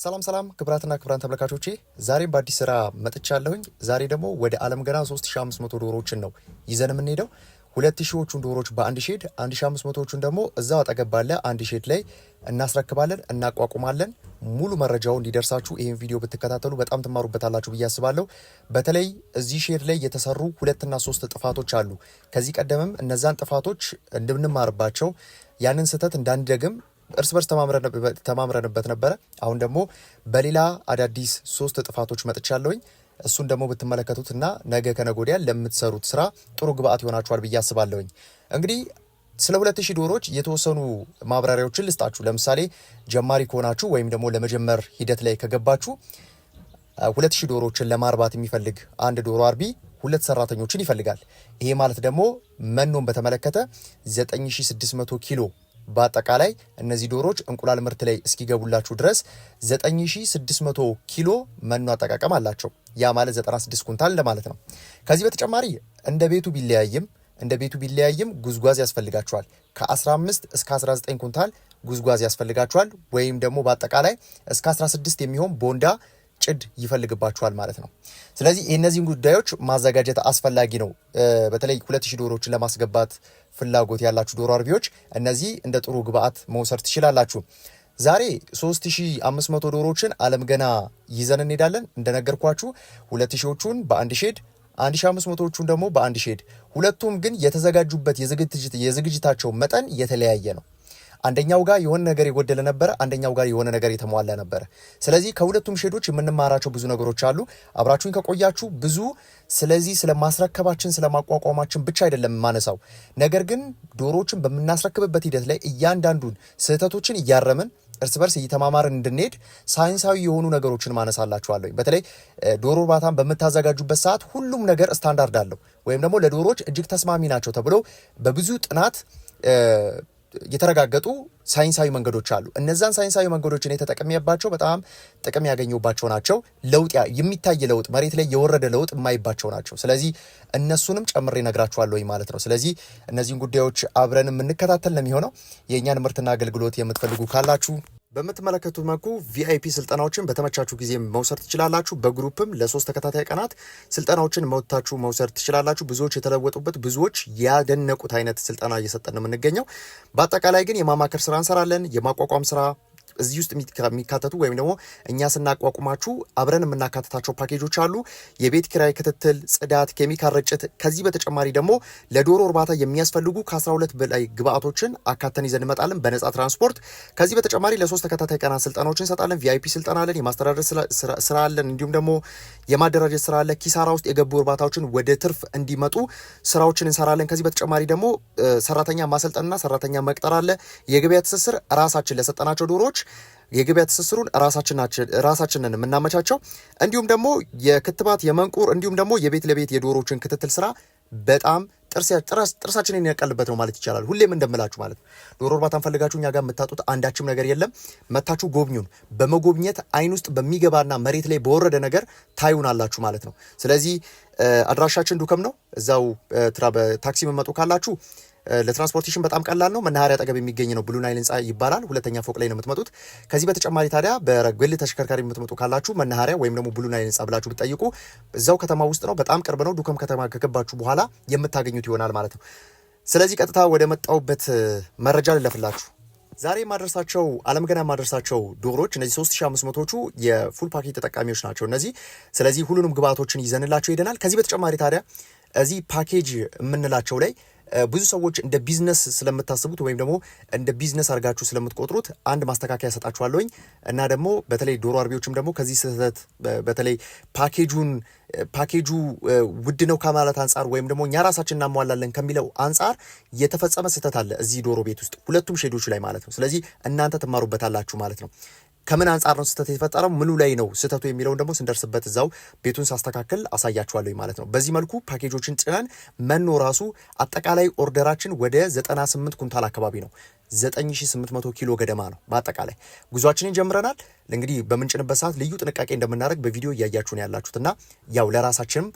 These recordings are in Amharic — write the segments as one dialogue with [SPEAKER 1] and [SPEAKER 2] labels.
[SPEAKER 1] ሰላም ሰላም ክብራትና ክብራን ተመልካቾቼ ዛሬም በአዲስ ስራ መጥቻለሁኝ። ዛሬ ደግሞ ወደ አለም ገና 3500 ዶሮዎችን ነው ይዘን የምንሄደው። ሁለት ሺዎቹን ዶሮዎች በአንድ ሼድ፣ 1500ዎቹን ደግሞ እዛው አጠገብ ባለ አንድ ሼድ ላይ እናስረክባለን፣ እናቋቁማለን። ሙሉ መረጃው እንዲደርሳችሁ ይህን ቪዲዮ ብትከታተሉ በጣም ትማሩበታላችሁ ብዬ አስባለሁ። በተለይ እዚህ ሼድ ላይ የተሰሩ ሁለትና ሶስት ጥፋቶች አሉ። ከዚህ ቀደምም እነዛን ጥፋቶች እንድንማርባቸው ያንን ስህተት እንዳንደግም እርስ በርስ ተማምረንበት ነበረ። አሁን ደግሞ በሌላ አዳዲስ ሶስት ጥፋቶች መጥቻለሁኝ። እሱን ደግሞ ብትመለከቱት እና ነገ ከነጎዲያ ለምትሰሩት ስራ ጥሩ ግብአት ይሆናችኋል ብዬ አስባለሁኝ። እንግዲህ ስለ ሁለት ሺህ ዶሮዎች የተወሰኑ ማብራሪያዎችን ልስጣችሁ። ለምሳሌ ጀማሪ ከሆናችሁ ወይም ደግሞ ለመጀመር ሂደት ላይ ከገባችሁ ሁለት ሺህ ዶሮዎችን ለማርባት የሚፈልግ አንድ ዶሮ አርቢ ሁለት ሰራተኞችን ይፈልጋል። ይሄ ማለት ደግሞ መኖን በተመለከተ 9600 ኪሎ በአጠቃላይ እነዚህ ዶሮዎች እንቁላል ምርት ላይ እስኪገቡላችሁ ድረስ 9600 ኪሎ መኖ አጠቃቀም አላቸው። ያ ማለት 96 ኩንታል ለማለት ነው። ከዚህ በተጨማሪ እንደ ቤቱ ቢለያይም እንደ ቤቱ ቢለያይም ጉዝጓዝ ያስፈልጋቸዋል ከ ከ15 እስከ 19 ኩንታል ጉዝጓዝ ያስፈልጋቸዋል። ወይም ደግሞ በአጠቃላይ እስከ 16 የሚሆን ቦንዳ ጭድ ይፈልግባችኋል ማለት ነው። ስለዚህ የእነዚህን ጉዳዮች ማዘጋጀት አስፈላጊ ነው። በተለይ ሁለት ሺህ ዶሮዎችን ለማስገባት ፍላጎት ያላችሁ ዶሮ አርቢዎች እነዚህ እንደ ጥሩ ግብአት መውሰድ ትችላላችሁ። ዛሬ 3500 ዶሮዎችን አለም ገና ይዘን እንሄዳለን። እንደነገርኳችሁ 2000 በአንድ ሼድ 1500ዎቹን ደግሞ በአንድ ሼድ፣ ሁለቱም ግን የተዘጋጁበት የዝግጅታቸው መጠን የተለያየ ነው። አንደኛው ጋር የሆነ ነገር የጎደለ ነበረ፣ አንደኛው ጋር የሆነ ነገር የተሟላ ነበረ። ስለዚህ ከሁለቱም ሼዶች የምንማራቸው ብዙ ነገሮች አሉ። አብራችሁኝ ከቆያችሁ ብዙ ስለዚህ ስለማስረከባችን ስለማቋቋማችን ብቻ አይደለም የማነሳው፣ ነገር ግን ዶሮዎችን በምናስረክብበት ሂደት ላይ እያንዳንዱን ስህተቶችን እያረምን እርስ በርስ እየተማማርን እንድንሄድ ሳይንሳዊ የሆኑ ነገሮችን ማነሳላችኋለሁ። በተለይ ዶሮ እርባታን በምታዘጋጁበት ሰዓት ሁሉም ነገር ስታንዳርድ አለው ወይም ደግሞ ለዶሮዎች እጅግ ተስማሚ ናቸው ተብሎ በብዙ ጥናት የተረጋገጡ ሳይንሳዊ መንገዶች አሉ። እነዛን ሳይንሳዊ መንገዶች እኔ ተጠቅሜባቸው በጣም ጥቅም ያገኙባቸው ናቸው። ለውጥ የሚታይ ለውጥ፣ መሬት ላይ የወረደ ለውጥ የማይባቸው ናቸው። ስለዚህ እነሱንም ጨምሬ እነግራችኋለሁኝ ማለት ነው። ስለዚህ እነዚህን ጉዳዮች አብረን የምንከታተል ነው የሚሆነው። የእኛን ምርትና አገልግሎት የምትፈልጉ ካላችሁ በምትመለከቱት መልኩ ቪአይፒ ስልጠናዎችን በተመቻችሁ ጊዜ መውሰድ ትችላላችሁ። በግሩፕም ለሶስት ተከታታይ ቀናት ስልጠናዎችን መውታችሁ መውሰድ ትችላላችሁ። ብዙዎች የተለወጡበት ብዙዎች ያደነቁት አይነት ስልጠና እየሰጠን ነው የምንገኘው። በአጠቃላይ ግን የማማከር ስራ እንሰራለን። የማቋቋም ስራ እዚህ ውስጥ የሚካተቱ ወይም ደግሞ እኛ ስናቋቁማችሁ አብረን የምናካትታቸው ፓኬጆች አሉ። የቤት ኪራይ ክትትል፣ ጽዳት፣ ኬሚካል ርጭት። ከዚህ በተጨማሪ ደግሞ ለዶሮ እርባታ የሚያስፈልጉ ከ12 በላይ ግብአቶችን አካተን ይዘን እንመጣለን በነጻ ትራንስፖርት። ከዚህ በተጨማሪ ለሶስት ተከታታይ ቀናት ስልጠናዎችን እንሰጣለን። ቪአይፒ ስልጠና አለን፣ የማስተዳደር ስራ አለን፣ እንዲሁም ደግሞ የማደራጀት ስራ አለ። ኪሳራ ውስጥ የገቡ እርባታዎችን ወደ ትርፍ እንዲመጡ ስራዎችን እንሰራለን። ከዚህ በተጨማሪ ደግሞ ሰራተኛ ማሰልጠንና ሰራተኛ መቅጠር አለ። የገበያ ትስስር ራሳችን ለሰጠናቸው ዶሮዎች የገበያ ትስስሩን ራሳችንን የምናመቻቸው እንዲሁም ደግሞ የክትባት የመንቁር እንዲሁም ደግሞ የቤት ለቤት የዶሮችን ክትትል ስራ በጣም ጥርሳችንን ያቀልበት ነው ማለት ይቻላል። ሁሌም እንደምላችሁ ማለት ነው። ዶሮ እርባታን ፈልጋችሁ እኛ ጋር የምታጡት አንዳችም ነገር የለም። መታችሁ ጎብኙን። በመጎብኘት አይን ውስጥ በሚገባና መሬት ላይ በወረደ ነገር ታዩናላችሁ ማለት ነው። ስለዚህ አድራሻችን ዱከም ነው። እዛው በታክሲ መመጡ ካላችሁ ለትራንስፖርቴሽን በጣም ቀላል ነው። መናኸሪያ አጠገብ የሚገኝ ነው። ብሉ ናይል ህንፃ ይባላል። ሁለተኛ ፎቅ ላይ ነው የምትመጡት። ከዚህ በተጨማሪ ታዲያ በግል ተሽከርካሪ የምትመጡ ካላችሁ መናኸሪያ ወይም ደግሞ ብሉ ናይል ህንፃ ብላችሁ ብትጠይቁ እዛው ከተማ ውስጥ ነው። በጣም ቅርብ ነው። ዱከም ከተማ ከገባችሁ በኋላ የምታገኙት ይሆናል ማለት ነው። ስለዚህ ቀጥታ ወደ መጣሁበት መረጃ ልለፍላችሁ። ዛሬ የማደርሳቸው አለም ገና የማደርሳቸው ዶሮዎች እነዚህ 3500ዎቹ የፉል ፓኬጅ ተጠቃሚዎች ናቸው እነዚህ። ስለዚህ ሁሉንም ግብአቶችን ይዘንላቸው ሄደናል። ከዚህ በተጨማሪ ታዲያ እዚህ ፓኬጅ የምንላቸው ላይ ብዙ ሰዎች እንደ ቢዝነስ ስለምታስቡት ወይም ደግሞ እንደ ቢዝነስ አድርጋችሁ ስለምትቆጥሩት አንድ ማስተካከያ ሰጣችኋለሁኝ እና ደግሞ በተለይ ዶሮ አርቢዎችም ደግሞ ከዚህ ስህተት በተለይ ፓኬጁን ፓኬጁ ውድ ነው ከማለት አንጻር ወይም ደግሞ እኛ ራሳችን እናሟላለን ከሚለው አንጻር የተፈጸመ ስህተት አለ እዚህ ዶሮ ቤት ውስጥ ሁለቱም ሼዶች ላይ ማለት ነው። ስለዚህ እናንተ ትማሩበታላችሁ ማለት ነው። ከምን አንጻር ነው ስህተት የተፈጠረው? ምኑ ላይ ነው ስህተቱ የሚለውን ደግሞ ስንደርስበት እዛው ቤቱን ሳስተካከል አሳያችኋለሁ ማለት ነው። በዚህ መልኩ ፓኬጆችን ጭነን መኖ ራሱ አጠቃላይ ኦርደራችን ወደ 98 ኩንታል አካባቢ ነው። 9800 ኪሎ ገደማ ነው በአጠቃላይ ጉዟችንን ጀምረናል። እንግዲህ በምንጭንበት ሰዓት ልዩ ጥንቃቄ እንደምናደርግ በቪዲዮ እያያችሁ ነው ያላችሁት እና ያው ለራሳችንም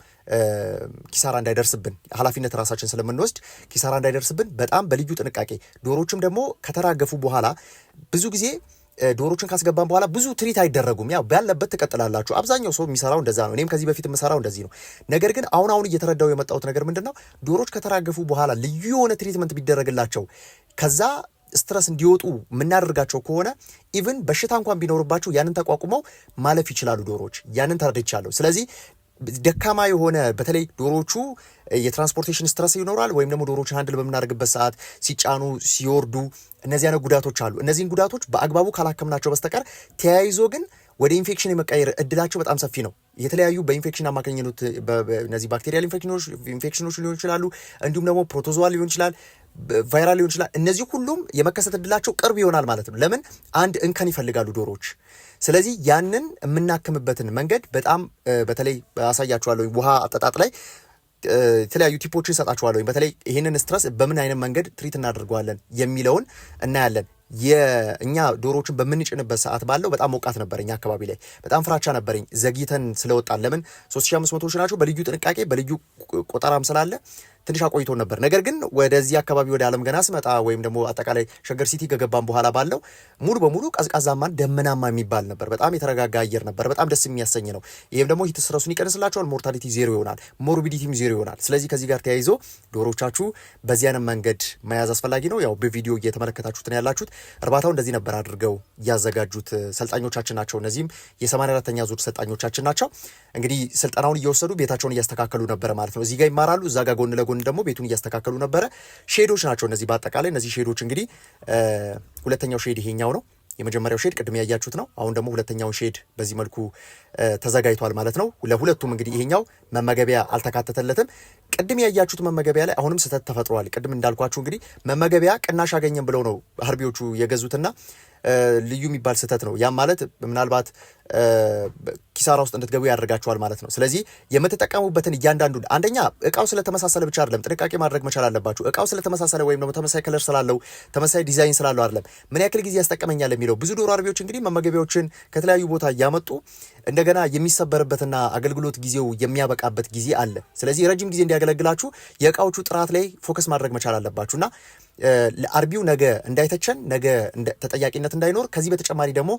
[SPEAKER 1] ኪሳራ እንዳይደርስብን ኃላፊነት ራሳችን ስለምንወስድ ኪሳራ እንዳይደርስብን በጣም በልዩ ጥንቃቄ ዶሮዎችም ደግሞ ከተራገፉ በኋላ ብዙ ጊዜ ዶሮችን ካስገባን በኋላ ብዙ ትሪት አይደረጉም። ያው ባለበት ትቀጥላላችሁ። አብዛኛው ሰው የሚሰራው እንደዛ ነው። እኔም ከዚህ በፊት የምሰራው እንደዚህ ነው። ነገር ግን አሁን አሁን እየተረዳው የመጣሁት ነገር ምንድን ነው፣ ዶሮች ከተራገፉ በኋላ ልዩ የሆነ ትሪትመንት ቢደረግላቸው ከዛ ስትረስ እንዲወጡ የምናደርጋቸው ከሆነ ኢቭን በሽታ እንኳን ቢኖርባቸው ያንን ተቋቁመው ማለፍ ይችላሉ ዶሮች። ያንን ተረድቻለሁ። ስለዚህ ደካማ የሆነ በተለይ ዶሮቹ የትራንስፖርቴሽን ስትረስ ይኖራል፣ ወይም ደግሞ ዶሮችን ሃንድል በምናደርግበት ሰዓት ሲጫኑ ሲወርዱ፣ እነዚህ አይነት ጉዳቶች አሉ። እነዚህን ጉዳቶች በአግባቡ ካላከምናቸው በስተቀር ተያይዞ ግን ወደ ኢንፌክሽን የመቀየር እድላቸው በጣም ሰፊ ነው። የተለያዩ በኢንፌክሽን አማካኝነት እነዚህ ባክቴሪያል ኢንፌክሽኖች ሊሆን ይችላሉ፣ እንዲሁም ደግሞ ፕሮቶዞዋ ሊሆን ይችላል፣ ቫይራል ሊሆን ይችላል። እነዚህ ሁሉም የመከሰት እድላቸው ቅርብ ይሆናል ማለት ነው። ለምን አንድ እንከን ይፈልጋሉ ዶሮዎች ስለዚህ ያንን የምናክምበትን መንገድ በጣም በተለይ አሳያችኋለሁ ውሃ አጠጣጥ ላይ የተለያዩ ቲፖችን እሰጣችኋለሁ። በተለይ ይህንን ስትረስ በምን አይነት መንገድ ትሪት እናደርገዋለን የሚለውን እናያለን። የእኛ ዶሮዎችን በምንጭንበት ሰዓት ባለው በጣም ሞቃት ነበር። እኛ አካባቢ ላይ በጣም ፍራቻ ነበረኝ ዘግይተን ስለወጣን። ለምን 3500 ናቸው በልዩ ጥንቃቄ በልዩ ቆጠራም ስላለ ትንሽ አቆይቶ ነበር። ነገር ግን ወደዚህ አካባቢ ወደ ዓለም ገና ስመጣ ወይም ደግሞ አጠቃላይ ሸገር ሲቲ ከገባን በኋላ ባለው ሙሉ በሙሉ ቀዝቃዛማን ደመናማ የሚባል ነበር። በጣም የተረጋጋ አየር ነበር። በጣም ደስ የሚያሰኝ ነው። ይህም ደግሞ ሂት ስትረሱን ይቀንስላቸዋል። ሞርታሊቲ ዜሮ ይሆናል። ሞርቢዲቲም ዜሮ ይሆናል። ስለዚህ ከዚህ ጋር ተያይዞ ዶሮቻችሁ በዚህ መንገድ መያዝ አስፈላጊ ነው። ያው በቪዲዮ እየተመለከታችሁት ነው ያላችሁት። እርባታው እንደዚህ ነበር አድርገው ያዘጋጁት ሰልጣኞቻችን ናቸው። እነዚህም የሰማንያ አራተኛ ዙር ሰልጣኞቻችን ናቸው። እንግዲህ ስልጠናውን እየወሰዱ ቤታቸውን እያስተካከሉ ነበረ ማለት ነው። እዚህ ጋር ይማራሉ፣ እዛ ጋር ጎን ለጎን ጎን ደግሞ ቤቱን እያስተካከሉ ነበረ። ሼዶች ናቸው እነዚህ በአጠቃላይ እነዚህ ሼዶች እንግዲህ ሁለተኛው ሼድ ይሄኛው ነው። የመጀመሪያው ሼድ ቅድም ያያችሁት ነው። አሁን ደግሞ ሁለተኛውን ሼድ በዚህ መልኩ ተዘጋጅቷል ማለት ነው። ለሁለቱም እንግዲህ ይሄኛው መመገቢያ አልተካተተለትም። ቅድም ያያችሁት መመገቢያ ላይ አሁንም ስህተት ተፈጥሯል። ቅድም እንዳልኳችሁ እንግዲህ መመገቢያ ቅናሽ አገኘን ብለው ነው አርቢዎቹ የገዙትና ልዩ የሚባል ስህተት ነው። ያም ማለት ምናልባት ኪሳራ ውስጥ እንድትገቡ ያደርጋችኋል ማለት ነው። ስለዚህ የምትጠቀሙበትን እያንዳንዱ አንደኛ እቃው ስለተመሳሰለ ብቻ አይደለም ጥንቃቄ ማድረግ መቻል አለባችሁ። እቃው ስለተመሳሰለ ወይም ደግሞ ተመሳሳይ ከለር ስላለው ተመሳሳይ ዲዛይን ስላለው አይደለም ምን ያክል ጊዜ ያስጠቀመኛል የሚለው ብዙ ዶሮ አርቢዎች እንግዲህ መመገቢያዎችን ከተለያዩ ቦታ እያመጡ እንደገና የሚሰበርበትና አገልግሎት ጊዜው የሚያበቃበት ጊዜ አለ። ስለዚህ ረጅም ጊዜ እንዲያገለግላችሁ የእቃዎቹ ጥራት ላይ ፎከስ ማድረግ መቻል አለባችሁ እና አርቢው ነገ እንዳይተቸን፣ ነገ ተጠያቂነት እንዳይኖር፣ ከዚህ በተጨማሪ ደግሞ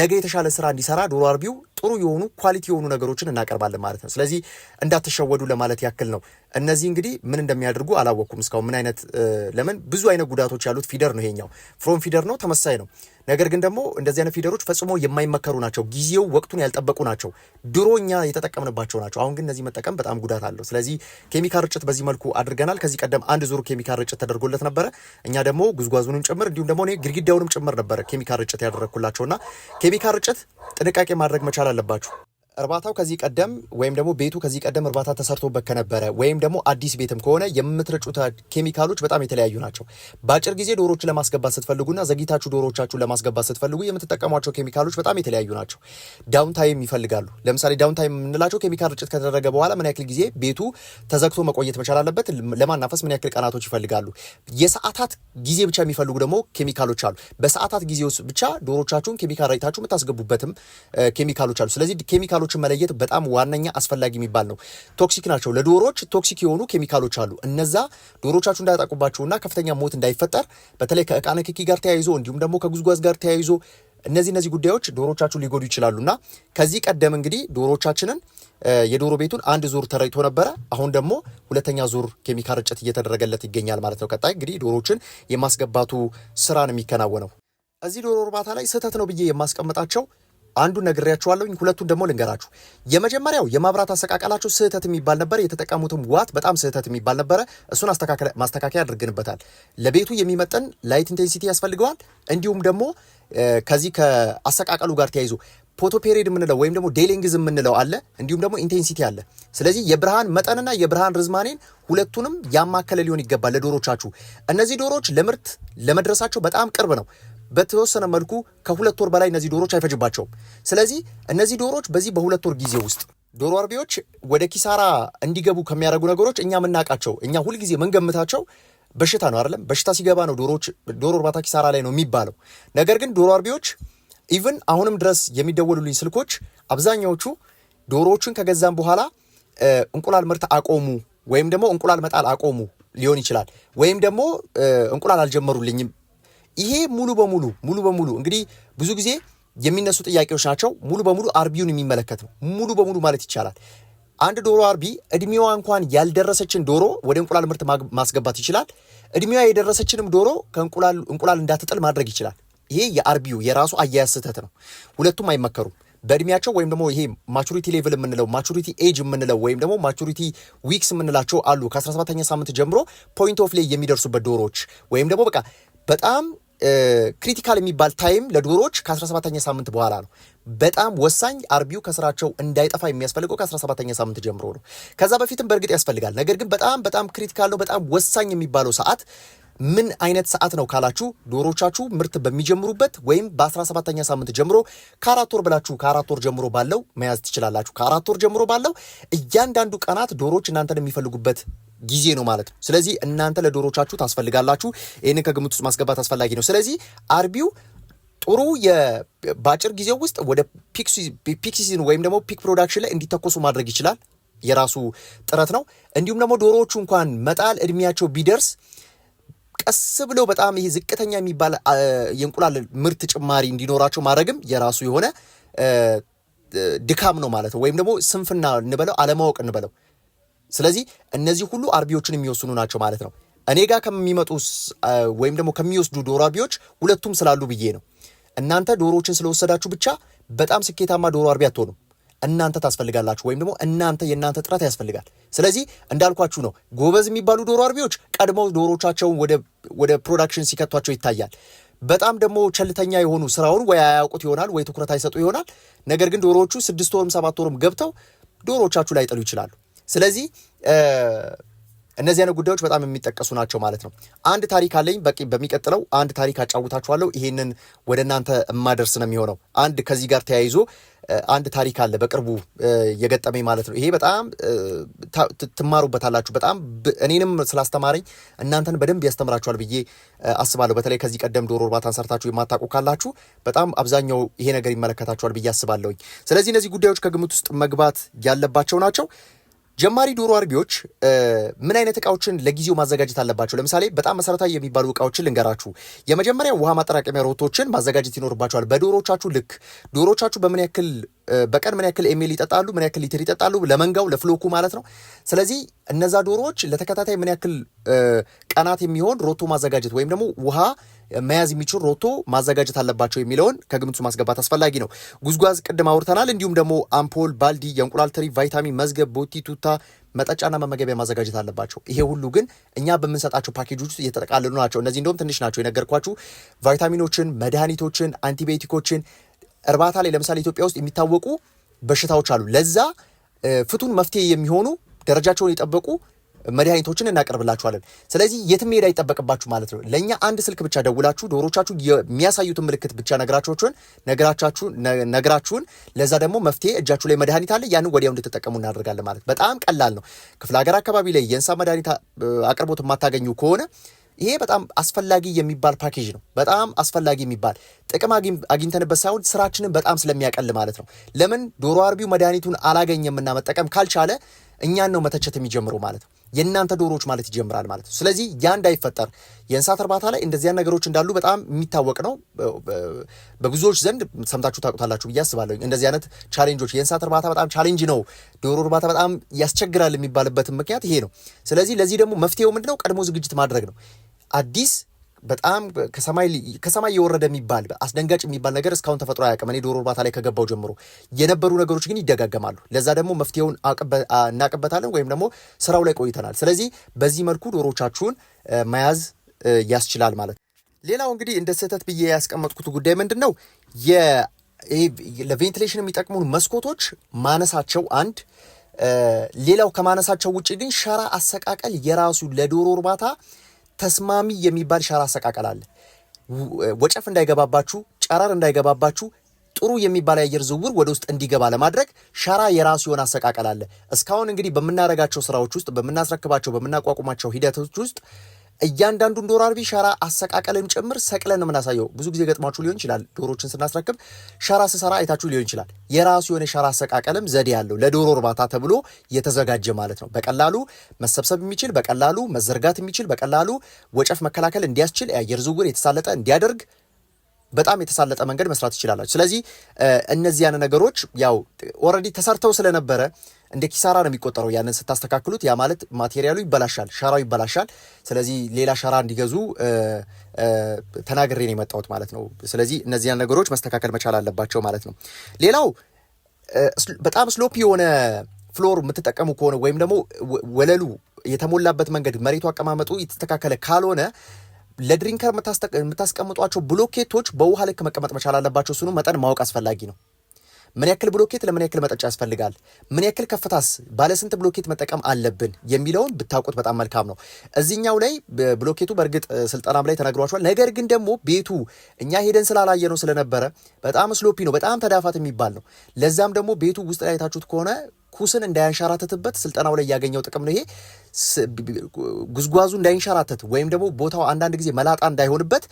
[SPEAKER 1] ነገ የተሻለ ስራ እንዲሰራ ዶሮ አርቢው ጥሩ የሆኑ ኳሊቲ የሆኑ ነገሮችን እናቀርባለን ማለት ነው። ስለዚህ እንዳትሸወዱ ለማለት ያክል ነው። እነዚህ እንግዲህ ምን እንደሚያደርጉ አላወቅኩም እስካሁን ምን አይነት ለምን ብዙ አይነት ጉዳቶች ያሉት ፊደር ነው ይሄኛው ፍሮም ፊደር ነው ተመሳይ ነው ነገር ግን ደግሞ እንደዚህ አይነት ፊደሮች ፈጽሞ የማይመከሩ ናቸው ጊዜው ወቅቱን ያልጠበቁ ናቸው ድሮ እኛ የተጠቀምንባቸው ናቸው አሁን ግን እነዚህ መጠቀም በጣም ጉዳት አለው ስለዚህ ኬሚካል ርጭት በዚህ መልኩ አድርገናል ከዚህ ቀደም አንድ ዙር ኬሚካል ርጭት ተደርጎለት ነበረ እኛ ደግሞ ጉዝጓዙንም ጭምር እንዲሁም ደግሞ እኔ ግድግዳውንም ጭምር ነበረ ኬሚካል ርጭት ያደረግኩላቸውና ኬሚካል ርጭት ጥንቃቄ ማድረግ መቻል አለባችሁ እርባታው ከዚህ ቀደም ወይም ደግሞ ቤቱ ከዚህ ቀደም እርባታ ተሰርቶበት ከነበረ ወይም ደግሞ አዲስ ቤትም ከሆነ የምትረጩት ኬሚካሎች በጣም የተለያዩ ናቸው። በአጭር ጊዜ ዶሮዎችን ለማስገባት ስትፈልጉና ዘግይታችሁ ዶሮዎቻችሁን ለማስገባት ስትፈልጉ የምትጠቀሟቸው ኬሚካሎች በጣም የተለያዩ ናቸው። ዳውንታይም ይፈልጋሉ። ለምሳሌ ዳውንታይም የምንላቸው ኬሚካል ርጭት ከተደረገ በኋላ ምን ያክል ጊዜ ቤቱ ተዘግቶ መቆየት መቻል አለበት፣ ለማናፈስ ምን ያክል ቀናቶች ይፈልጋሉ። የሰዓታት ጊዜ ብቻ የሚፈልጉ ደግሞ ኬሚካሎች አሉ። በሰዓታት ጊዜ ውስጥ ብቻ ዶሮቻችሁን ኬሚካል ረጭታችሁ የምታስገቡበትም ኬሚካሎች አሉ። ስለዚህ ኬሚካሎች ኬሚካሎችን መለየት በጣም ዋነኛ አስፈላጊ የሚባል ነው። ቶክሲክ ናቸው። ለዶሮዎች ቶክሲክ የሆኑ ኬሚካሎች አሉ። እነዛ ዶሮቻችሁ እንዳያጠቁባቸውና ከፍተኛ ሞት እንዳይፈጠር በተለይ ከእቃ ንክኪ ጋር ተያይዞ እንዲሁም ደግሞ ከጉዝጓዝ ጋር ተያይዞ እነዚህ እነዚህ ጉዳዮች ዶሮቻችሁ ሊጎዱ ይችላሉና ከዚህ ቀደም እንግዲህ ዶሮቻችንን የዶሮ ቤቱን አንድ ዙር ተረጭቶ ነበረ። አሁን ደግሞ ሁለተኛ ዙር ኬሚካል ርጭት እየተደረገለት ይገኛል ማለት ነው። ቀጣይ እንግዲህ ዶሮችን የማስገባቱ ስራን የሚከናወነው እዚህ ዶሮ እርባታ ላይ ስህተት ነው ብዬ የማስቀምጣቸው አንዱን ነግሬያችኋለሁኝ፣ ሁለቱን ደግሞ ልንገራችሁ። የመጀመሪያው የማብራት አሰቃቀላቸው ስህተት የሚባል ነበር። የተጠቀሙትም ዋት በጣም ስህተት የሚባል ነበረ። እሱን ማስተካከያ አድርገንበታል። ለቤቱ የሚመጠን ላይት ኢንቴንሲቲ ያስፈልገዋል። እንዲሁም ደግሞ ከዚህ ከአሰቃቀሉ ጋር ተያይዞ ፎቶ ፔሪድ የምንለው ወይም ደግሞ ዴሌንግዝ የምንለው አለ፣ እንዲሁም ደግሞ ኢንቴንሲቲ አለ። ስለዚህ የብርሃን መጠንና የብርሃን ርዝማኔን ሁለቱንም ያማከለ ሊሆን ይገባል ለዶሮቻችሁ። እነዚህ ዶሮች ለምርት ለመድረሳቸው በጣም ቅርብ ነው። በተወሰነ መልኩ ከሁለት ወር በላይ እነዚህ ዶሮዎች አይፈጅባቸውም። ስለዚህ እነዚህ ዶሮዎች በዚህ በሁለት ወር ጊዜ ውስጥ ዶሮ አርቢዎች ወደ ኪሳራ እንዲገቡ ከሚያደርጉ ነገሮች እኛ የምናውቃቸው እኛ ሁልጊዜ የምንገምታቸው በሽታ ነው አይደለም? በሽታ ሲገባ ነው ዶሮዎች ዶሮ እርባታ ኪሳራ ላይ ነው የሚባለው። ነገር ግን ዶሮ አርቢዎች ኢቭን አሁንም ድረስ የሚደወሉልኝ ስልኮች አብዛኛዎቹ ዶሮዎቹን ከገዛም በኋላ እንቁላል ምርት አቆሙ ወይም ደግሞ እንቁላል መጣል አቆሙ ሊሆን ይችላል ወይም ደግሞ እንቁላል አልጀመሩልኝም ይሄ ሙሉ በሙሉ ሙሉ በሙሉ እንግዲህ ብዙ ጊዜ የሚነሱ ጥያቄዎች ናቸው። ሙሉ በሙሉ አርቢውን የሚመለከት ነው። ሙሉ በሙሉ ማለት ይቻላል አንድ ዶሮ አርቢ እድሜዋ እንኳን ያልደረሰችን ዶሮ ወደ እንቁላል ምርት ማስገባት ይችላል። እድሜዋ የደረሰችንም ዶሮ ከእንቁላል እንዳትጥል ማድረግ ይችላል። ይሄ የአርቢው የራሱ አያያዝ ስህተት ነው። ሁለቱም አይመከሩም። በእድሜያቸው ወይም ደግሞ ይሄ ማቹሪቲ ሌቭል የምንለው ማቹሪቲ ኤጅ የምንለው ወይም ደግሞ ማቹሪቲ ዊክስ የምንላቸው አሉ ከ17ኛ ሳምንት ጀምሮ ፖይንት ኦፍ ላይ የሚደርሱበት ዶሮዎች ወይም ደግሞ በቃ በጣም ክሪቲካል የሚባል ታይም ለዶሮዎች ከ17ኛ ሳምንት በኋላ ነው። በጣም ወሳኝ አርቢው ከስራቸው እንዳይጠፋ የሚያስፈልገው ከ17ኛ ሳምንት ጀምሮ ነው። ከዛ በፊትም በእርግጥ ያስፈልጋል። ነገር ግን በጣም በጣም ክሪቲካል ነው። በጣም ወሳኝ የሚባለው ሰዓት ምን አይነት ሰዓት ነው ካላችሁ ዶሮቻችሁ ምርት በሚጀምሩበት ወይም በ17ኛ ሳምንት ጀምሮ ከአራት ወር ብላችሁ ከአራት ወር ጀምሮ ባለው መያዝ ትችላላችሁ። ከአራት ወር ጀምሮ ባለው እያንዳንዱ ቀናት ዶሮች እናንተን የሚፈልጉበት ጊዜ ነው ማለት ነው። ስለዚህ እናንተ ለዶሮቻችሁ ታስፈልጋላችሁ። ይህንን ከግምት ውስጥ ማስገባት አስፈላጊ ነው። ስለዚህ አርቢው ጥሩ በአጭር ጊዜ ውስጥ ወደ ፒክ ሲዝን ወይም ደግሞ ፒክ ፕሮዳክሽን ላይ እንዲተኮሱ ማድረግ ይችላል። የራሱ ጥረት ነው። እንዲሁም ደግሞ ዶሮዎቹ እንኳን መጣል እድሜያቸው ቢደርስ ቀስ ብለው በጣም ይሄ ዝቅተኛ የሚባል የእንቁላል ምርት ጭማሪ እንዲኖራቸው ማድረግም የራሱ የሆነ ድካም ነው ማለት ነው። ወይም ደግሞ ስንፍና እንበለው፣ አለማወቅ እንበለው ስለዚህ እነዚህ ሁሉ አርቢዎችን የሚወስኑ ናቸው ማለት ነው። እኔ ጋር ከሚመጡ ወይም ደግሞ ከሚወስዱ ዶሮ አርቢዎች ሁለቱም ስላሉ ብዬ ነው። እናንተ ዶሮዎችን ስለወሰዳችሁ ብቻ በጣም ስኬታማ ዶሮ አርቢ አትሆኑም። እናንተ ታስፈልጋላችሁ፣ ወይም ደግሞ እናንተ የእናንተ ጥረት ያስፈልጋል። ስለዚህ እንዳልኳችሁ ነው። ጎበዝ የሚባሉ ዶሮ አርቢዎች ቀድመው ዶሮቻቸውን ወደ ፕሮዳክሽን ሲከቷቸው ይታያል። በጣም ደግሞ ቸልተኛ የሆኑ ስራውን ወይ አያውቁት ይሆናል ወይ ትኩረት አይሰጡ ይሆናል። ነገር ግን ዶሮዎቹ ስድስት ወርም ሰባት ወርም ገብተው ዶሮቻችሁ ላይ ጥሉ ይችላሉ። ስለዚህ እነዚህ አይነት ጉዳዮች በጣም የሚጠቀሱ ናቸው ማለት ነው። አንድ ታሪክ አለኝ። በሚቀጥለው አንድ ታሪክ አጫውታችኋለሁ። ይሄንን ወደ እናንተ የማደርስ ነው የሚሆነው። አንድ ከዚህ ጋር ተያይዞ አንድ ታሪክ አለ በቅርቡ የገጠመኝ ማለት ነው። ይሄ በጣም ትማሩበታላችሁ። በጣም እኔንም ስላስተማረኝ እናንተን በደንብ ያስተምራችኋል ብዬ አስባለሁ። በተለይ ከዚህ ቀደም ዶሮ እርባታን ሰርታችሁ የማታውቁ ካላችሁ በጣም አብዛኛው ይሄ ነገር ይመለከታችኋል ብዬ አስባለሁኝ። ስለዚህ እነዚህ ጉዳዮች ከግምት ውስጥ መግባት ያለባቸው ናቸው። ጀማሪ ዶሮ አርቢዎች ምን አይነት እቃዎችን ለጊዜው ማዘጋጀት አለባቸው? ለምሳሌ በጣም መሰረታዊ የሚባሉ እቃዎችን ልንገራችሁ። የመጀመሪያ ውሃ ማጠራቀሚያ ሮቶችን ማዘጋጀት ይኖርባቸዋል። በዶሮቻችሁ ልክ ዶሮቻችሁ በምን ያክል በቀን ምን ያክል ኤሜል ይጠጣሉ፣ ምን ያክል ሊትር ይጠጣሉ፣ ለመንጋው ለፍሎኩ ማለት ነው። ስለዚህ እነዛ ዶሮዎች ለተከታታይ ምን ያክል ቀናት የሚሆን ሮቶ ማዘጋጀት ወይም ደግሞ ውሃ መያዝ የሚችል ሮቶ ማዘጋጀት አለባቸው የሚለውን ከግምቱ ማስገባት አስፈላጊ ነው። ጉዝጓዝ ቅድም አውርተናል። እንዲሁም ደግሞ አምፖል፣ ባልዲ፣ የእንቁላል ትሪ፣ ቫይታሚን፣ መዝገብ፣ ቦቲ፣ ቱታ፣ መጠጫና መመገቢያ ማዘጋጀት አለባቸው። ይሄ ሁሉ ግን እኛ በምንሰጣቸው ፓኬጆች ውስጥ እየተጠቃለሉ ናቸው። እነዚህ እንደውም ትንሽ ናቸው የነገርኳችሁ። ቫይታሚኖችን፣ መድኃኒቶችን፣ አንቲቢዮቲኮችን እርባታ ላይ ለምሳሌ ኢትዮጵያ ውስጥ የሚታወቁ በሽታዎች አሉ። ለዛ ፍቱን መፍትሄ የሚሆኑ ደረጃቸውን የጠበቁ መድኃኒቶችን እናቀርብላችኋለን። ስለዚህ የትም መሄድ አይጠበቅባችሁ ማለት ነው። ለእኛ አንድ ስልክ ብቻ ደውላችሁ ዶሮቻችሁ የሚያሳዩትን ምልክት ብቻ ነግራችሁን ነግራችሁን ለዛ ደግሞ መፍትሄ እጃችሁ ላይ መድኃኒት አለ ያንን ወዲያው እንድትጠቀሙ እናደርጋለን ማለት በጣም ቀላል ነው። ክፍለ ሀገር አካባቢ ላይ የእንስሳት መድኃኒት አቅርቦት የማታገኙ ከሆነ ይሄ በጣም አስፈላጊ የሚባል ፓኬጅ ነው። በጣም አስፈላጊ የሚባል ጥቅም አግኝተንበት ሳይሆን ስራችንን በጣም ስለሚያቀል ማለት ነው። ለምን ዶሮ አርቢው መድኃኒቱን አላገኘምና መጠቀም ካልቻለ እኛን ነው መተቸት የሚጀምሩ ማለት ነው። የእናንተ ዶሮዎች ማለት ይጀምራል ማለት ነው። ስለዚህ ያ እንዳይፈጠር የእንስሳት እርባታ ላይ እንደዚያ ነገሮች እንዳሉ በጣም የሚታወቅ ነው። በብዙዎች ዘንድ ሰምታችሁ ታውቁታላችሁ ብዬ አስባለሁ። እንደዚህ አይነት ቻሌንጆች የእንስሳት እርባታ በጣም ቻሌንጅ ነው፣ ዶሮ እርባታ በጣም ያስቸግራል የሚባልበትም ምክንያት ይሄ ነው። ስለዚህ ለዚህ ደግሞ መፍትሄው ምንድነው? ቀድሞ ዝግጅት ማድረግ ነው። አዲስ በጣም ከሰማይ የወረደ የሚባል አስደንጋጭ የሚባል ነገር እስካሁን ተፈጥሮ አያውቅም። እኔ ዶሮ እርባታ ላይ ከገባው ጀምሮ የነበሩ ነገሮች ግን ይደጋገማሉ። ለዛ ደግሞ መፍትሄውን እናቅበታለን ወይም ደግሞ ስራው ላይ ቆይተናል። ስለዚህ በዚህ መልኩ ዶሮቻችሁን መያዝ ያስችላል ማለት ነው። ሌላው እንግዲህ እንደ ስህተት ብዬ ያስቀመጥኩት ጉዳይ ምንድን ነው? ለቬንቲሌሽን የሚጠቅሙን መስኮቶች ማነሳቸው አንድ። ሌላው ከማነሳቸው ውጭ ግን ሸራ አሰቃቀል የራሱ ለዶሮ እርባታ ተስማሚ የሚባል ሸራ አሰቃቀል አለ። ወጨፍ እንዳይገባባችሁ፣ ጨረር እንዳይገባባችሁ ጥሩ የሚባል የአየር ዝውውር ወደ ውስጥ እንዲገባ ለማድረግ ሸራ የራሱ የሆነ አሰቃቀል አለ። እስካሁን እንግዲህ በምናደርጋቸው ስራዎች ውስጥ በምናስረክባቸው በምናቋቁማቸው ሂደቶች ውስጥ እያንዳንዱን ዶሮ አርቢ ሸራ አሰቃቀልም ጭምር ሰቅለን የምናሳየው። ብዙ ጊዜ ገጥማችሁ ሊሆን ይችላል። ዶሮችን ስናስረክብ ሸራ ስሰራ አይታችሁ ሊሆን ይችላል። የራሱ የሆነ ሸራ አሰቃቀልም ዘዴ ያለው ለዶሮ እርባታ ተብሎ የተዘጋጀ ማለት ነው። በቀላሉ መሰብሰብ የሚችል በቀላሉ መዘርጋት የሚችል በቀላሉ ወጨፍ መከላከል እንዲያስችል የአየር ዝውውር የተሳለጠ እንዲያደርግ በጣም የተሳለጠ መንገድ መስራት ይችላላችሁ። ስለዚህ እነዚያን ነገሮች ያው ኦልሬዲ ተሰርተው ስለነበረ እንደ ኪሳራ ነው የሚቆጠረው። ያንን ስታስተካክሉት ያ ማለት ማቴሪያሉ ይበላሻል፣ ሸራው ይበላሻል። ስለዚህ ሌላ ሸራ እንዲገዙ ተናግሬ ነው የመጣሁት ማለት ነው። ስለዚህ እነዚያን ነገሮች መስተካከል መቻል አለባቸው ማለት ነው። ሌላው በጣም ስሎፕ የሆነ ፍሎር የምትጠቀሙ ከሆነ ወይም ደግሞ ወለሉ የተሞላበት መንገድ መሬቱ አቀማመጡ የተስተካከለ ካልሆነ ለድሪንከር የምታስቀምጧቸው ብሎኬቶች በውሃ ልክ መቀመጥ መቻል አለባቸው። ስኑ መጠን ማወቅ አስፈላጊ ነው። ምን ያክል ብሎኬት ለምን ያክል መጠጫ ያስፈልጋል፣ ምን ያክል ከፍታስ፣ ባለስንት ብሎኬት መጠቀም አለብን የሚለውን ብታውቁት በጣም መልካም ነው። እዚህኛው ላይ ብሎኬቱ በእርግጥ ስልጠናም ላይ ተነግሯቸዋል። ነገር ግን ደግሞ ቤቱ እኛ ሄደን ስላላየ ነው ስለነበረ በጣም ስሎፒ ነው፣ በጣም ተዳፋት የሚባል ነው። ለዛም ደግሞ ቤቱ ውስጥ ላይ አይታችሁት ከሆነ ኩስን እንዳያንሸራተትበት ስልጠናው ላይ ያገኘው ጥቅም ነው ይሄ። ጉዝጓዙ እንዳይንሸራተት ወይም ደግሞ ቦታው አንዳንድ ጊዜ መላጣ እንዳይሆንበት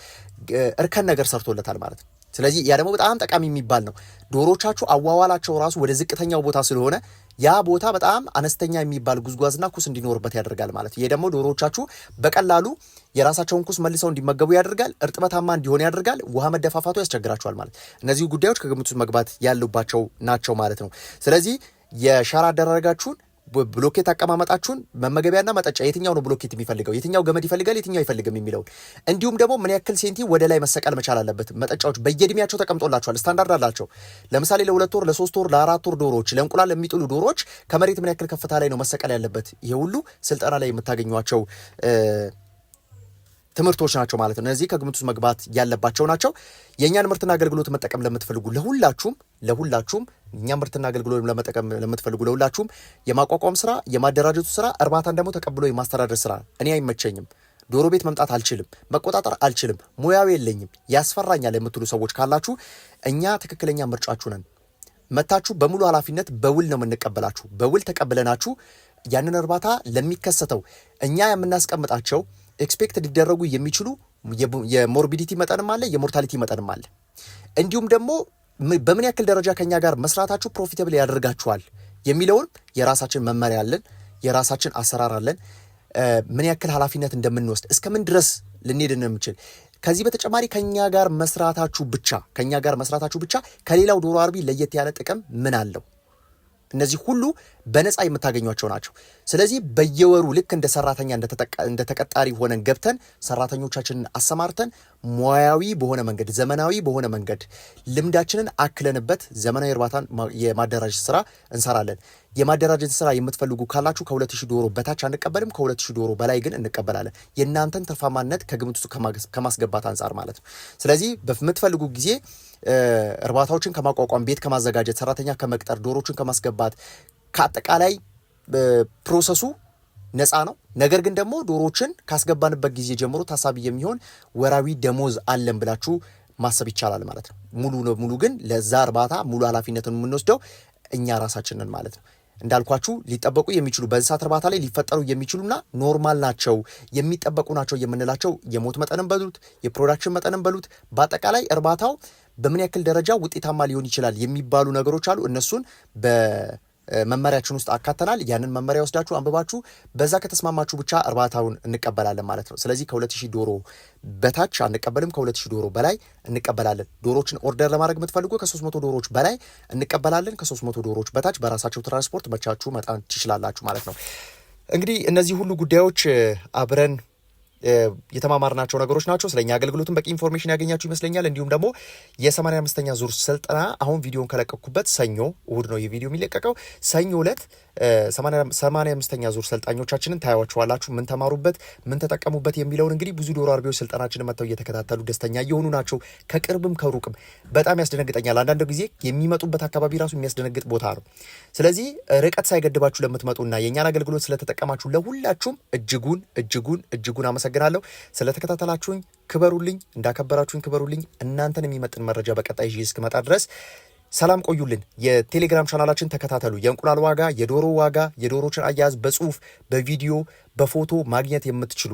[SPEAKER 1] እርከን ነገር ሰርቶለታል ማለት ነው። ስለዚህ ያ ደግሞ በጣም ጠቃሚ የሚባል ነው። ዶሮቻችሁ አዋዋላቸው ራሱ ወደ ዝቅተኛው ቦታ ስለሆነ ያ ቦታ በጣም አነስተኛ የሚባል ጉዝጓዝና ኩስ እንዲኖርበት ያደርጋል ማለት ይሄ ደግሞ ዶሮቻችሁ በቀላሉ የራሳቸውን ኩስ መልሰው እንዲመገቡ ያደርጋል፣ እርጥበታማ እንዲሆን ያደርጋል፣ ውሃ መደፋፋቱ ያስቸግራቸዋል ማለት እነዚህ ጉዳዮች ከግምት ውስጥ መግባት ያሉባቸው ናቸው ማለት ነው። ስለዚህ የሸራ አደራረጋችሁን ብሎኬት አቀማመጣችሁን መመገቢያና መጠጫ የትኛው ነው ብሎኬት የሚፈልገው የትኛው ገመድ ይፈልጋል የትኛው አይፈልግም የሚለውን እንዲሁም ደግሞ ምን ያክል ሴንቲ ወደ ላይ መሰቀል መቻል አለበት። መጠጫዎች በየእድሜያቸው ተቀምጦላቸዋል፣ ስታንዳርድ አላቸው። ለምሳሌ ለሁለት ወር፣ ለሶስት ወር፣ ለአራት ወር ዶሮዎች፣ ለእንቁላል የሚጥሉ ዶሮዎች ከመሬት ምን ያክል ከፍታ ላይ ነው መሰቀል ያለበት? ይሄ ሁሉ ስልጠና ላይ የምታገኟቸው ትምህርቶች ናቸው ማለት ነው። እነዚህ ከግምት ውስጥ መግባት ያለባቸው ናቸው። የእኛን ምርትና አገልግሎት መጠቀም ለምትፈልጉ ለሁላችሁም ለሁላችሁም እኛ ምርትና አገልግሎት ለመጠቀም ለምትፈልጉ ለሁላችሁም የማቋቋም ስራ፣ የማደራጀቱ ስራ፣ እርባታን ደግሞ ተቀብሎ የማስተዳደር ስራ እኔ አይመቸኝም፣ ዶሮ ቤት መምጣት አልችልም፣ መቆጣጠር አልችልም፣ ሙያው የለኝም፣ ያስፈራኛል የምትሉ ሰዎች ካላችሁ እኛ ትክክለኛ ምርጫችሁ ነን። መታችሁ በሙሉ ኃላፊነት በውል ነው የምንቀበላችሁ። በውል ተቀብለናችሁ ያንን እርባታ ለሚከሰተው እኛ የምናስቀምጣቸው ኤክስፔክት ሊደረጉ የሚችሉ የሞርቢዲቲ መጠንም አለ፣ የሞርታሊቲ መጠንም አለ። እንዲሁም ደግሞ በምን ያክል ደረጃ ከኛ ጋር መስራታችሁ ፕሮፊተብል ያደርጋችኋል የሚለውን የራሳችን መመሪያ አለን፣ የራሳችን አሰራር አለን። ምን ያክል ኃላፊነት እንደምንወስድ እስከምን ድረስ ልንሄድ እንደምችል ከዚህ በተጨማሪ ከኛ ጋር መስራታችሁ ብቻ ከኛ ጋር መስራታችሁ ብቻ ከሌላው ዶሮ አርቢ ለየት ያለ ጥቅም ምን አለው? እነዚህ ሁሉ በነፃ የምታገኟቸው ናቸው። ስለዚህ በየወሩ ልክ እንደ ሰራተኛ እንደ ተቀጣሪ ሆነን ገብተን ሰራተኞቻችንን አሰማርተን ሙያዊ በሆነ መንገድ ዘመናዊ በሆነ መንገድ ልምዳችንን አክለንበት ዘመናዊ እርባታን የማደራጀት ስራ እንሰራለን። የማደራጀት ስራ የምትፈልጉ ካላችሁ ከሁለት 2000 ዶሮ በታች አንቀበልም። ከ ከ2000 ዶሮ በላይ ግን እንቀበላለን። የእናንተን ትርፋማነት ከግምት ውስጥ ከማስገባት አንጻር ማለት ነው። ስለዚህ በምትፈልጉ ጊዜ እርባታዎችን ከማቋቋም፣ ቤት ከማዘጋጀት፣ ሰራተኛ ከመቅጠር፣ ዶሮችን ከማስገባት ከአጠቃላይ ፕሮሰሱ ነፃ ነው። ነገር ግን ደግሞ ዶሮችን ካስገባንበት ጊዜ ጀምሮ ታሳቢ የሚሆን ወራዊ ደሞዝ አለን ብላችሁ ማሰብ ይቻላል ማለት ነው። ሙሉ ሙሉ ግን ለዛ እርባታ ሙሉ ኃላፊነትን የምንወስደው እኛ ራሳችንን ማለት ነው። እንዳልኳችሁ ሊጠበቁ የሚችሉ በእንስሳት እርባታ ላይ ሊፈጠሩ የሚችሉና ኖርማል ናቸው የሚጠበቁ ናቸው የምንላቸው የሞት መጠንን በሉት የፕሮዳክሽን መጠንን በሉት በአጠቃላይ እርባታው በምን ያክል ደረጃ ውጤታማ ሊሆን ይችላል የሚባሉ ነገሮች አሉ። እነሱን መመሪያችን ውስጥ አካተናል። ያንን መመሪያ ወስዳችሁ አንብባችሁ በዛ ከተስማማችሁ ብቻ እርባታውን እንቀበላለን ማለት ነው። ስለዚህ ከ2000 ዶሮ በታች አንቀበልም፣ ከ2000 ዶሮ በላይ እንቀበላለን። ዶሮችን ኦርደር ለማድረግ የምትፈልጉ ከ300 ዶሮች በላይ እንቀበላለን። ከ300 ዶሮዎች በታች በራሳቸው ትራንስፖርት መቻችሁ መጣን ትችላላችሁ ማለት ነው። እንግዲህ እነዚህ ሁሉ ጉዳዮች አብረን የተማማርናቸው ነገሮች ናቸው። ስለኛ አገልግሎትን በቂ ኢንፎርሜሽን ያገኛችሁ ይመስለኛል። እንዲሁም ደግሞ የሰማንያ አምስተኛ ዙር ስልጠና አሁን ቪዲዮን ከለቀኩበት ሰኞ እሁድ ነው የቪዲዮ የሚለቀቀው። ሰኞ ዕለት ሰማንያ አምስተኛ ዙር ሰልጣኞቻችንን ታያዋችኋላችሁ። ምን ተማሩበት፣ ምን ተጠቀሙበት የሚለውን እንግዲህ ብዙ ዶሮ አርቢዎች ስልጠናችንን መጥተው እየተከታተሉ ደስተኛ እየሆኑ ናቸው። ከቅርብም ከሩቅም በጣም ያስደነግጠኛል። አንዳንድ ጊዜ የሚመጡበት አካባቢ ራሱ የሚያስደነግጥ ቦታ ነው። ስለዚህ ርቀት ሳይገድባችሁ ለምትመጡና የእኛን አገልግሎት ስለተጠቀማችሁ ለሁላችሁም እጅጉን እጅጉን እጅጉን አመሰ አመሰግናለሁ። ስለተከታተላችሁኝ ክበሩልኝ፣ እንዳከበራችሁኝ ክበሩልኝ። እናንተን የሚመጥን መረጃ በቀጣይ ይዤ እስክመጣ ድረስ ሰላም ቆዩልን። የቴሌግራም ቻናላችን ተከታተሉ። የእንቁላል ዋጋ፣ የዶሮ ዋጋ፣ የዶሮችን አያያዝ በጽሁፍ በቪዲዮ በፎቶ ማግኘት የምትችሉ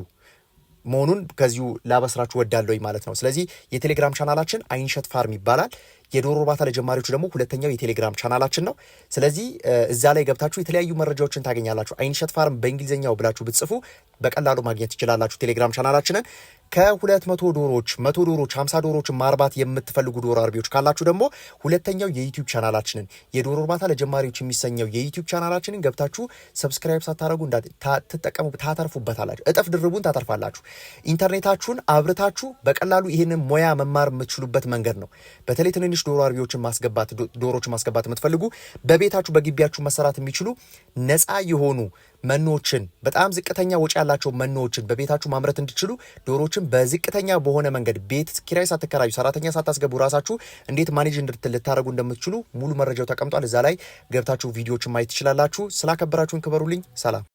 [SPEAKER 1] መሆኑን ከዚሁ ላበስራችሁ ወዳለሁኝ ማለት ነው። ስለዚህ የቴሌግራም ቻናላችን አይንሸት ፋርም ይባላል። የዶሮ እርባታ ለጀማሪዎቹ ደግሞ ሁለተኛው የቴሌግራም ቻናላችን ነው። ስለዚህ እዛ ላይ ገብታችሁ የተለያዩ መረጃዎችን ታገኛላችሁ። አይንሸት ፋርም በእንግሊዝኛው ብላችሁ ብትጽፉ በቀላሉ ማግኘት ትችላላችሁ ቴሌግራም ቻናላችንን። ከሁለት መቶ ዶሮዎች መቶ ዶሮዎች ሀምሳ ዶሮዎችን ማርባት የምትፈልጉ ዶሮ አርቢዎች ካላችሁ ደግሞ ሁለተኛው የዩቲዩብ ቻናላችንን የዶሮ እርባታ ለጀማሪዎች የሚሰኘው የዩቲዩብ ቻናላችንን ገብታችሁ ሰብስክራይብ ሳታደረጉ እንዳትጠቀሙ ታተርፉበታላችሁ። እጥፍ ድርቡን ታተርፋላችሁ። ኢንተርኔታችሁን አብርታችሁ በቀላሉ ይህንን ሙያ መማር የምትችሉበት መንገድ ነው። በተለይ ትንንሽ ትንንሽ ዶሮ አርቢዎችን ማስገባት ዶሮዎችን ማስገባት የምትፈልጉ በቤታችሁ በግቢያችሁ መሰራት የሚችሉ ነፃ የሆኑ መኖችን በጣም ዝቅተኛ ወጪ ያላቸው መኖችን በቤታችሁ ማምረት እንድችሉ ዶሮችን በዝቅተኛ በሆነ መንገድ ቤት ኪራይ ሳትከራዩ ሰራተኛ ሳታስገቡ ራሳችሁ እንዴት ማኔጅ ልታደርጉ እንደምትችሉ ሙሉ መረጃው ተቀምጧል። እዛ ላይ ገብታችሁ ቪዲዮዎችን ማየት ትችላላችሁ። ስላከበራችሁን ክበሩልኝ። ሰላም